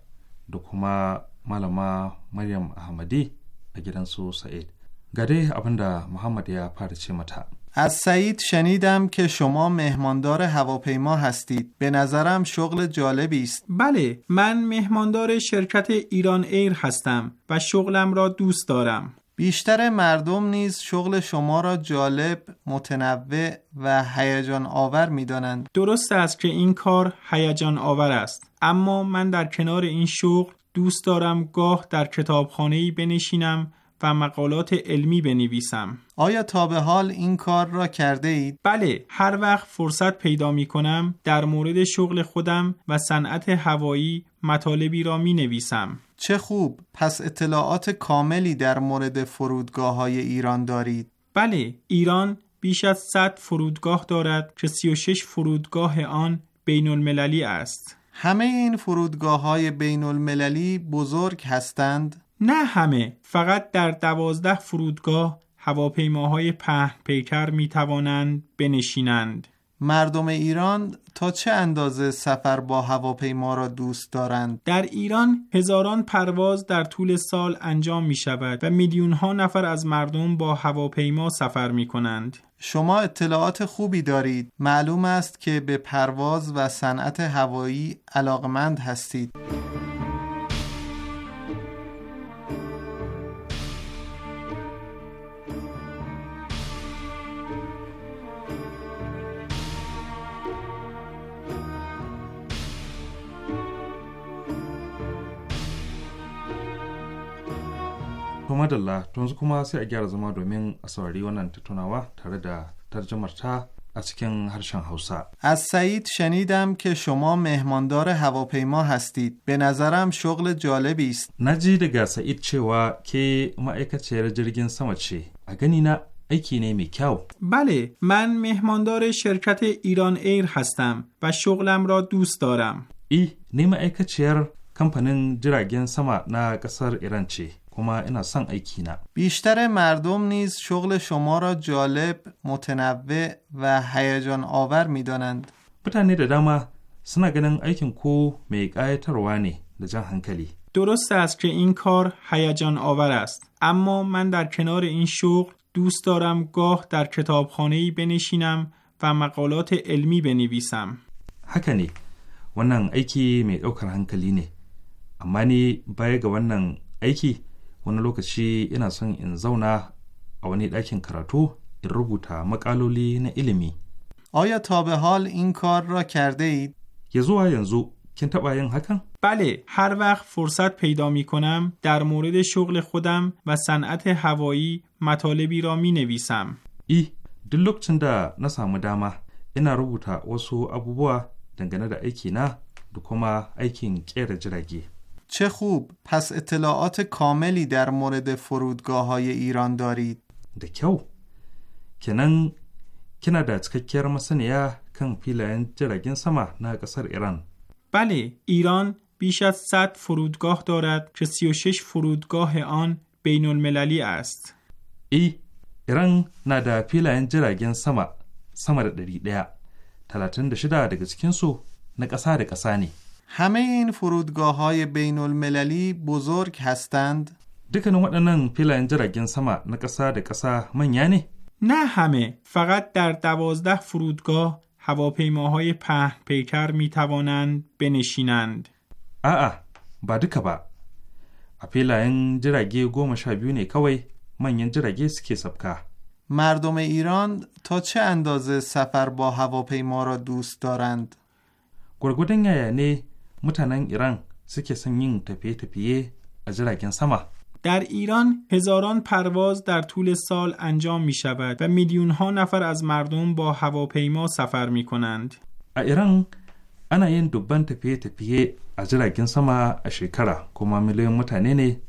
da kuma malama Maryam Ahmadi a gidansu Sa'id. Ga dai abinda Muhammad ya fara ce mata. از سعید شنیدم که شما مهماندار هواپیما هستید. به نظرم شغل جالبی است. بله، من مهماندار شرکت ایران ایر هستم و شغلم را دوست دارم. بیشتر مردم نیز شغل شما را جالب، متنوع و هیجان آور می دانند. درست است که این کار هیجان آور است، اما من در کنار این شغل دوست دارم گاه در کتابخانه بنشینم و مقالات علمی بنویسم آیا تا به حال این کار را کرده اید؟ بله، هر وقت فرصت پیدا می کنم در مورد شغل خودم و صنعت هوایی مطالبی را می نویسم. چه خوب، پس اطلاعات کاملی در مورد فرودگاه های ایران دارید؟ بله، ایران بیش از 100 فرودگاه دارد که 36 فرودگاه آن بین المللی است. همه این فرودگاه های بین المللی بزرگ هستند؟ نه همه فقط در دوازده فرودگاه هواپیماهای پهن پیکر می توانند بنشینند مردم ایران تا چه اندازه سفر با هواپیما را دوست دارند؟ در ایران هزاران پرواز در طول سال انجام می شود و میلیون ها نفر از مردم با هواپیما سفر می کنند. شما اطلاعات خوبی دارید. معلوم است که به پرواز و صنعت هوایی علاقمند هستید. To madalla to yanzu kuma sai a gyara zama domin a saurari wannan tattaunawa tare da tarjamar ta a cikin harshen Hausa. از سعید شنیدم که شما مهماندار هواپیما هستید. به نظرم شغل جالبی است. نجی دگا سعید چوا که مa'aikaciyar jirgin sama ce. A gani na aiki ne mai kyau. بله، من مهماندار شرکت ایران ایر هستم و شغلم را دوست دارم. ای، نی ma'aikaciyar kamfanin jiragen sama na ƙasar Iran ce. بیشتر مردم نیز شغل شما را جالب، متنوع و هیجان آور میدانند. دانند بطنی dama سنا گنن ایکن کو mai درست است که این کار هیجان آور است اما من در کنار این شغل دوست دارم گاه در کتابخانه ای بنشینم و مقالات علمی بنویسم حکنی ونگ ایکی می اوکر هنکلی نه اما نی ni wani lokaci ina son in zauna a wani ɗakin karatu in rubuta na ilimi آیا تا به حال این کار را کرده اید؟ یه زو کن تبا ین حکن؟ بله هر وقت فرصت پیدا می کنم در مورد شغل خودم و صنعت هوایی مطالبی را می نویسم ای دلوک چنده نسامو داما اینا روبوتا وسو ابوبوا دنگنه دا ایکی نه da kuma aikin kera چه خوب پس اطلاعات کاملی در مورد فرودگاه های ایران دارید دکو کنن کنا بیت کیر مسنیا کن پیلن جرگین سما نا قصر ایران بله ایران بیش از 100 فرودگاه دارد که 36 فرودگاه آن بین المللی است ای ایران نا دا پیلن جرگین سما سما دری دیا 36 دا سو نا قصر همه این فرودگاه های بین المللی بزرگ هستند؟ دکنون جرگین سما نکسا دکسا من یعنی؟ نه همه فقط در دوازده فرودگاه هواپیماهای پهن پیکر می توانند بنشینند آه با دکبا، با این جرگی گوم شبیونه کوی من ین جرگی سکی سبکه مردم ایران تا چه اندازه سفر با هواپیما را دوست دارند؟ گرگودن یعنی mutanen ایران yin tafiye تپیه تپیه jiragen سما در ایران هزاران پرواز در طول سال انجام می شود و میلیون ها نفر از مردم با هواپیما سفر می کنند. ایران ana yin dubban tafiye-tafiye a jiragen sama a shekara kuma mutane ne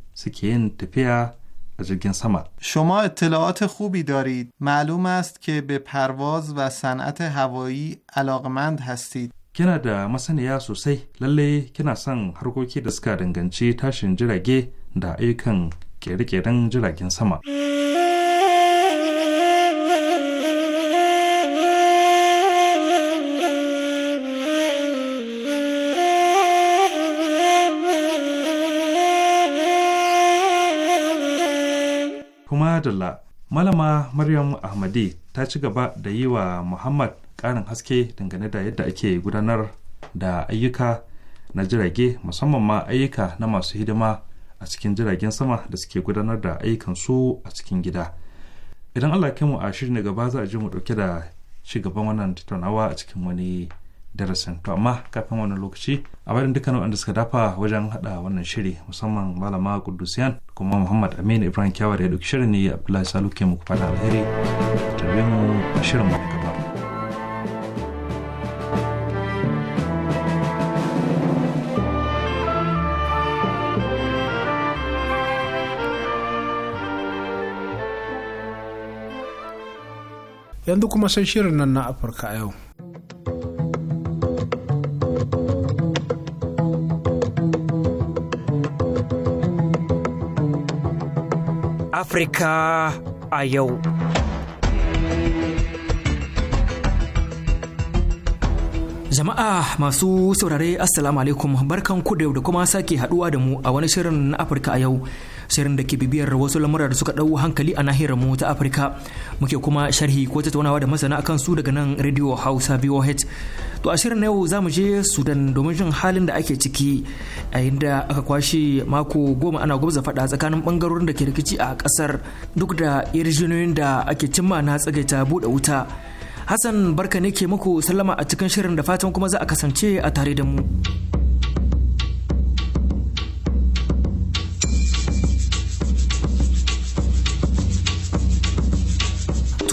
شما اطلاعات خوبی دارید. معلوم است که به پرواز و صنعت هوایی علاقمند هستید. kina da masaniya sosai lalle kina son harkoki da suka danganci tashin jirage da ayyukan kere-keren jiragen sama. kuma dala. malama maryam ahmadi ta ci gaba da yi wa muhammad ƙarin haske dangane da yadda ake gudanar da ayyuka na jirage musamman ma ayyuka na masu hidima a cikin jiragen sama da suke gudanar da ayyukan su a cikin gida idan allah kai mu a shirin gaba za a ji mu ɗauke da ci gaban wannan tattaunawa a cikin wani darasin to amma kafin wannan lokaci a bayan dukkan waɗanda suka dafa wajen haɗa wannan shiri musamman malama kudusiyan kuma muhammad aminu ibrahim kyawar ya ɗauki shirin ne abdullahi salu ke muku fada alheri tarbe mu shirin mu gaba yanzu kuma sai shirin nan na afirka yau Afirka a yau. Jama'a masu saurare Assalamu alaikum barkan ku da kuma sake haduwa da mu a wani shirin na Afirka a yau. shirin da ke bibiyar wasu lamura da suka ɗau hankali a nahiyar mu ta Afirka muke kuma sharhi ko tattaunawa da masana akan su daga nan Radio Hausa VOH to a shirin na yau za mu je Sudan domin jin halin da ake ciki a inda aka kwashe mako goma ana gwabza faɗa tsakanin bangarorin da ke rikici a ƙasar duk da irjinoyin da ake cimma na tsagaita buɗe wuta Hassan barka ne ke muku sallama a cikin shirin da fatan kuma za a kasance a tare da mu.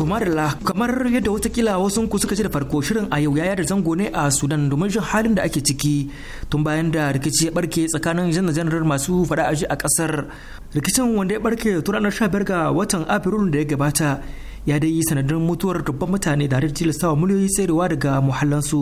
To Marilla kamar yadda watakila wasu ku suka ji da farko shirin a yau yaya da zango ne a Sudan domin jin halin da ake ciki tun bayan da rikici ya barke tsakanin janar janar masu fada aji a kasar rikicin wanda ya barke tun ranar sha ga watan Afrilun da ya gabata ya dai yi sanadin mutuwar dubban mutane da sawa miliyoyi tserewa daga muhallansu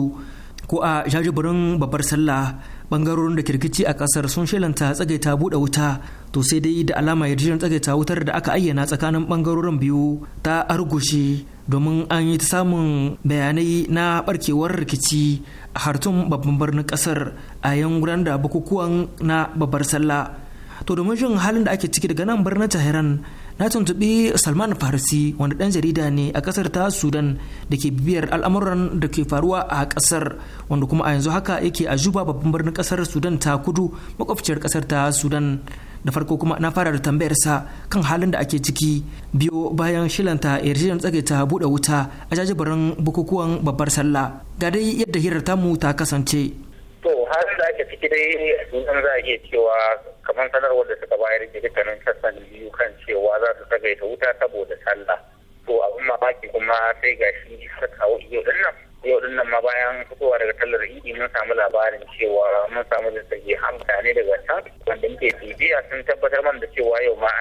ko a jajibirin babbar sallah bangarorin da kirkici a kasar sun shelanta tsagaita buɗe wuta to sai dai da alama yarjejen tsagaita wutar da aka ayyana tsakanin bangarorin biyu ta argushe domin an yi ta samun bayanai na barkewar rikici a hartun babban birnin kasar a yankunan da bukukuwan na babbar sallah to domin shin halin da ake ciki daga nan birnin tehran na tuntuɓi salman farisi wanda ɗan jarida ne a ƙasar ta sudan da ke bibiyar al'amuran da ke faruwa a ƙasar wanda kuma a yanzu haka yake a juba babban birnin ƙasar sudan ta kudu makwabciyar ƙasar ta sudan da farko kuma na fara da tambayarsa kan halin da ake ciki biyo bayan shilanta yarjejen tsage ta buɗe wuta a jajibarin bukukuwan babbar sallah ga dai yadda hirar tamu ta kasance to har da ake ciki dai in za a iya cewa kamar sanarwar da suka bayar da dukkanin sassan biyu kan cewa za su tsagaita wuta saboda sallah to abin mamaki kuma sai ga shi kawo yau din nan yau din nan ma bayan fitowa daga tallar idi mun samu labarin cewa mun samu da hamsa daga can wanda muke bibiya sun tabbatar man da cewa yau ma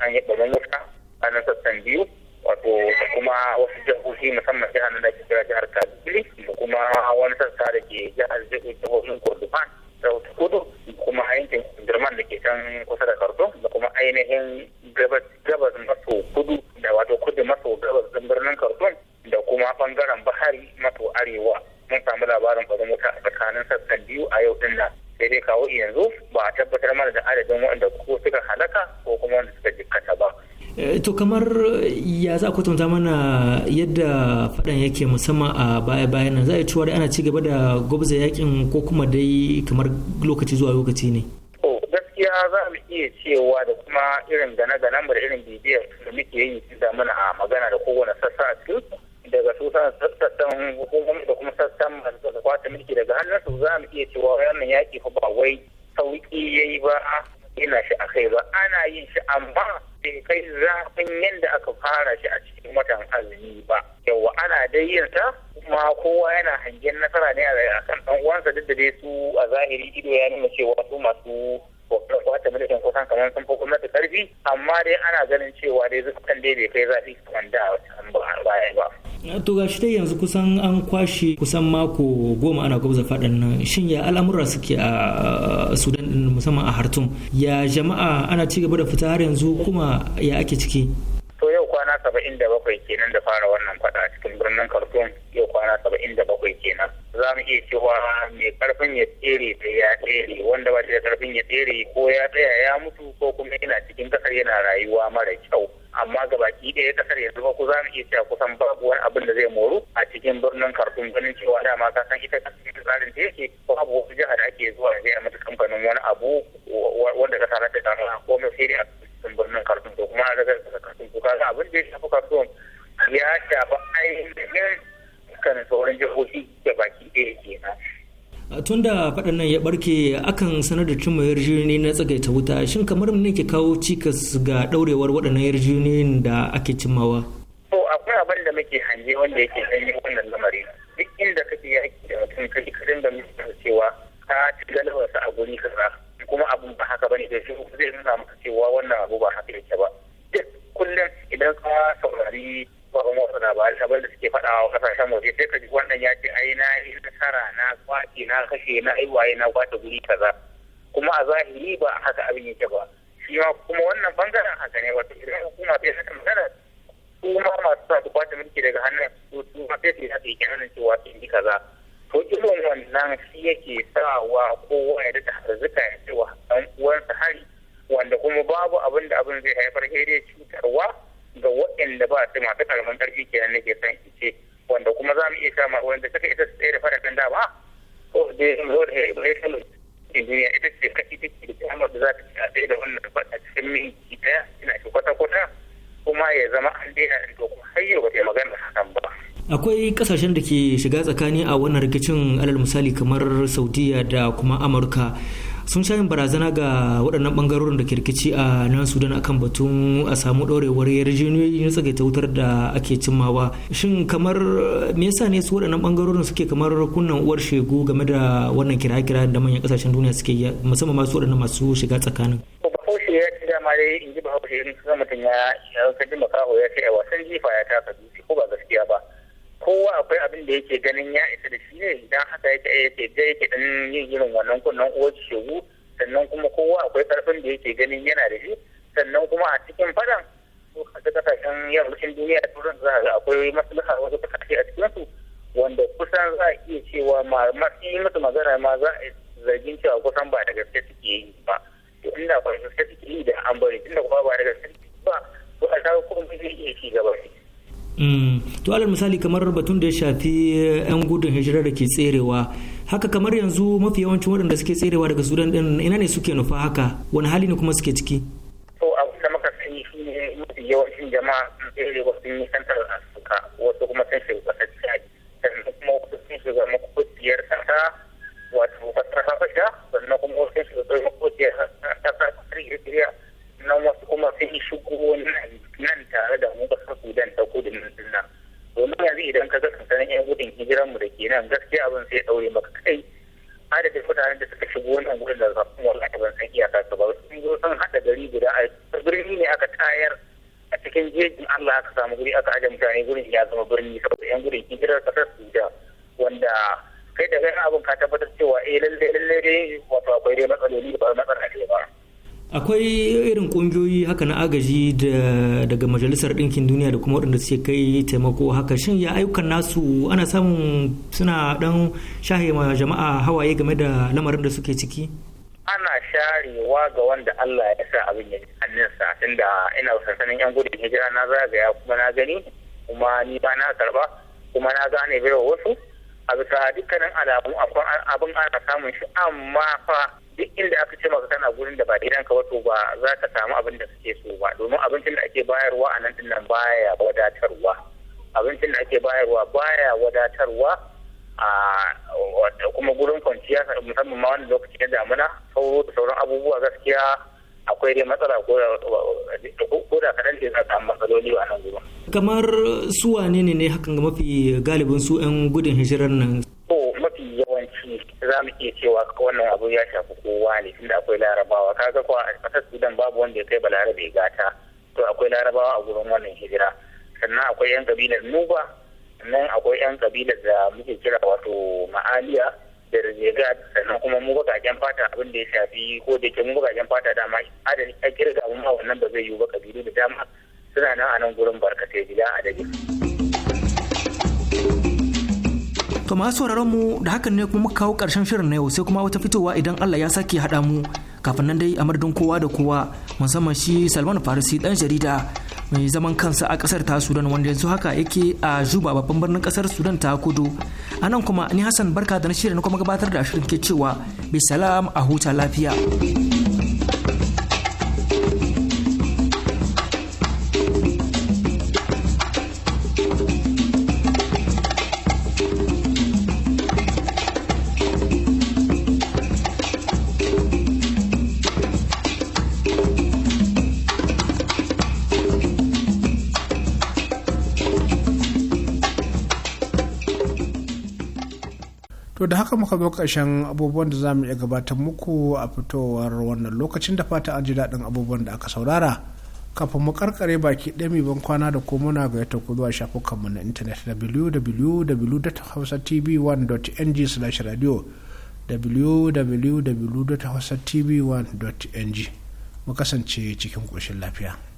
an yi ɓaman wuta a nan sassan biyu wato kuma wasu jihohi musamman jihar da ke kira jihar kaduna da kuma wani sassa da ke jihar jihohin kurdufan da kudu kuma yankin girman da ke can kusa da karton. da kuma ainihin gabas maso kudu da wato kudu maso gabas din birnin karton. da kuma bangaren bahari maso arewa mun samu labarin bazan wuta a tsakanin sassan biyu a yau din sai dai kawo yanzu ba a tabbatar mana da adadin waɗanda ko suka halaka ko kuma wanda suka jikkata ba Eh, to kamar eh, ya za kwatanta mana yadda faɗan yake musamman a baya bayan nan za a cewa ana cigaba da gwabza yakin ko kuma dai kamar lokaci zuwa lokaci ne gaskiya za mu iya cewa da kuma irin gane-ganen da irin bibiyar da muke yi da muna a magana da kowane sassa a cikin daga su sassan hukumomi da kuma sassan masu da kwata mulki daga su za mu iya cewa wannan yaki fa ba wai sauki yayi ba yana shi a kai ba ana yin shi amma bai kai zafin yadda aka fara shi a cikin watan azumi ba yawa ana dai yin sa kuma kowa yana hangen nasara ne a kan dan uwansa duk da dai su a zahiri ido ya nuna cewa su masu wata mulkin kusan kamar sun fi gwamnati karfi amma dai ana ganin cewa dai zukan dai bai kai zafi kamar da a baya ba. to shi dai yanzu kusan an kwashe kusan mako goma ana gwabza faɗan nan shin ya al'amura suke a sudan din musamman a hartum ya jama'a ana ci gaba da fita har yanzu kuma ya ake ciki to yau kwana saba'in da bakwai kenan da fara wannan faɗa a cikin birnin khartoum yau kwana saba'in da bakwai kenan za mu iya cewa mai karfin ya tsere da ya tsere wanda ba da karfin ya tsere ko ya tsaya ya mutu ko kuma yana cikin kasar yana rayuwa mara kyau amma gabaki ɗaya kasar yanzu ba ku za mu iya cewa kusan babu wani abin da zai moru a cikin birnin kartun ganin cewa dama ka san ita kasar tsarin da yake babu wasu jihar da ake zuwa zai mata kamfanin wani abu wanda ka tare da dama ko mai sai dai a cikin birnin kartun to kuma daga kasar kartun ko kaga abin da ya shafi kartun ya shafi ainihin kan sauran jihohi gabaki ɗaya kenan tun da faɗannan ya barke akan sanar da cimma yarjejeniyoyi na tsagaita wuta shin kamar ne ke kawo cikas ga ɗaurewar waɗannan yarjejeniyoyin da ake cimmawa. to akwai abin da muke hange wanda yake ganin wannan lamari duk inda kake yaki da mutum kai kadan da muke cewa ka ci sa a guri kaza kuma abun ba haka bane da shi zai nuna maka cewa wannan abu ba haka yake ba duk kullum idan ka saurari kafin wasu labarai abin da suke faɗawa wa kasashen waje sai ka ji wannan ya ce ai na yi nasara na kwace na kashe na aiwaye na kwace guri kaza kuma a zahiri ba haka abin yake ba shi ma kuma wannan bangaren haka ne wato idan hukuma ta saka magana su masu sa su kwace mulki daga hannun su su ma sai su yake nan cewa sun yi kaza to irin wannan shi yake sawa kowa ya daɗa harzuka ya ce wa ɗan uwansa hari wanda kuma babu abin da abin zai haifar sai dai cutarwa ga waɗanda ba su masu karamin ƙarfi kenan nake son ice wanda kuma za mu iya kama wanda suka ita su tsaye da farafin dama ko da ya zo da ya yi kalu injiniya ita ce ka ita ce da damar da za ta ci a tsaye da wannan ba a cikin minti ɗaya ina shi kwata-kwata kuma ya zama an daina da kuma har yau ba ta magana hakan ba. akwai kasashen da ke shiga tsakani a wannan rikicin alal misali kamar saudiya da kuma amurka sun sha yin barazana ga waɗannan ɓangarorin da kirkici a nan sudan akan batun a samu ɗorewar yarjejeniyoyin tsagaita wutar da ake cimmawa shin kamar me yasa ne su waɗannan ɓangarorin suke kamar kunnan uwar shegu game da wannan kira-kira da manyan ƙasashen duniya suke yi musamman masu waɗannan masu shiga tsakanin bahaushe ya ci dama dai in ji bahaushe in zama ya ya ya kaji makaho ya ce wasan jifa ya taka dutse ko ba gaskiya ba kowa akwai abin da yake ganin ya isa da shi ne idan haka yake yake ga yake dan yin irin wannan kunnen uwar shegu sannan kuma kowa akwai karfin da yake ganin yana da shi sannan kuma a cikin fadan da kasashen yammacin duniya da turan za a ga akwai maslahar wasu kasashe a cikin su wanda kusan za a iya cewa masu yi musu magana ma za a zargin cewa kusan ba da gaske suke yi ba to inda ba gaske suke yi da an bari inda kuma ba da gaske ba to a kawo kuma zai iya ci gaba ne Mm. to alal misali kamar batun da ya shafi 'yan eh, gudun hijira da ke tserewa haka kamar yanzu mafi yawancin waɗanda suke tserewa daga sudan din ina ne suke nufa haka wani hali ne kuma suke ciki to abu maka muka shi ne mafi yawancin jama'a sun tserewa sun yi a afirka wasu kuma sun shiga ƙasar sannan kuma wasu sun shiga makwabciyar ƙasa wato ƙasar habasha sannan kuma wasu sun shiga makwabciyar ƙasar ƙasar irkiriya sannan wasu kuma sun shigo nan tare da mu kasar sudan ta kudu nan nan domin yanzu idan ka ga sanin yan gudun hijiran mu da ke nan gaskiya abin sai daure maka kai adadin mutanen da suka shigo wannan gudun da zafin wallahi ban san iyaka ka ba sun zo sun haɗa gari guda a birni ne aka tayar a cikin jejin Allah aka samu guri aka ajiye mutane gudun ya zama birni saboda yan gudun hijirar kasar sudan wanda kai da kai abin ka tabbatar cewa eh lalle lallai dai wato akwai dai matsaloli ba matsala ne ba akwai irin kungiyoyi haka na agaji daga majalisar ɗinkin duniya da kuma waɗanda suke kai taimako haka shin ya ayyukan nasu ana samun suna ɗan shahe ma jama'a hawaye game da lamarin da suke ciki ana sharewa ga wanda Allah ya sa abin ya hannunsa tunda ina sansanin yan gudun hijira na zagaya kuma na gani kuma ni ba na karba kuma na gane bai wasu a bisa dukkanin alamu abin ana samun shi amma fa duk inda aka ce maka kana gurin da ba idan ka wato ba za ka samu abin da suke so ba domin abincin da ake bayarwa a nan dinnan baya wadatarwa abincin da ake bayarwa baya wadatarwa a kuma gurin kwanciya musamman ma wani lokaci na damuna sauro da sauran abubuwa gaskiya akwai dai matsala ko da kadan ce za samu matsaloli a nan gurin. kamar su wane ne ne hakan ga mafi galibin su 'yan gudun hijirar nan. mafi za mu iya cewa wannan abu ya shafi kowa ne tunda akwai larabawa kaga kuwa a ƙasar sudan babu wanda ya kai ba balarabe gata to akwai larabawa a gurin wannan hijira sannan akwai yan kabilar nuba sannan akwai yan kabilar da muke kira wato ma'aliya da rizega sannan kuma mu bakaken fata abin da ya shafi ko da ke mu bakaken fata dama adadin kirga mu ma wannan ba zai yiwu ba kabilu da dama suna nan a nan gurin barkatai a adadin. To masu sauraron mu da hakan ne kuma kawo karshen shirin na yau sai kuma wata fitowa idan Allah ya sake haɗa mu kafin nan dai a madadin kowa da kowa musamman shi Salman Farisi dan jarida mai zaman kansa a kasar ta Sudan wanda yanzu haka yake a Juba babban birnin kasar Sudan ta kudu. A nan kuma ni Hassan barka da na shirin kuma gabatar da shirin ke cewa bisalam a huta lafiya. haka muka zo ƙarshen abubuwan da za mu iya gabatar muku a fitowar wannan lokacin da fata an ji daɗin abubuwan da aka saurara kafin mu karkare baki ɗami ban kwana da ko muna ga yata ku zuwa shafukanmu na intanet www.hausatv1.ng slash radio www.hausatv1.ng mu kasance cikin ƙoshin lafiya.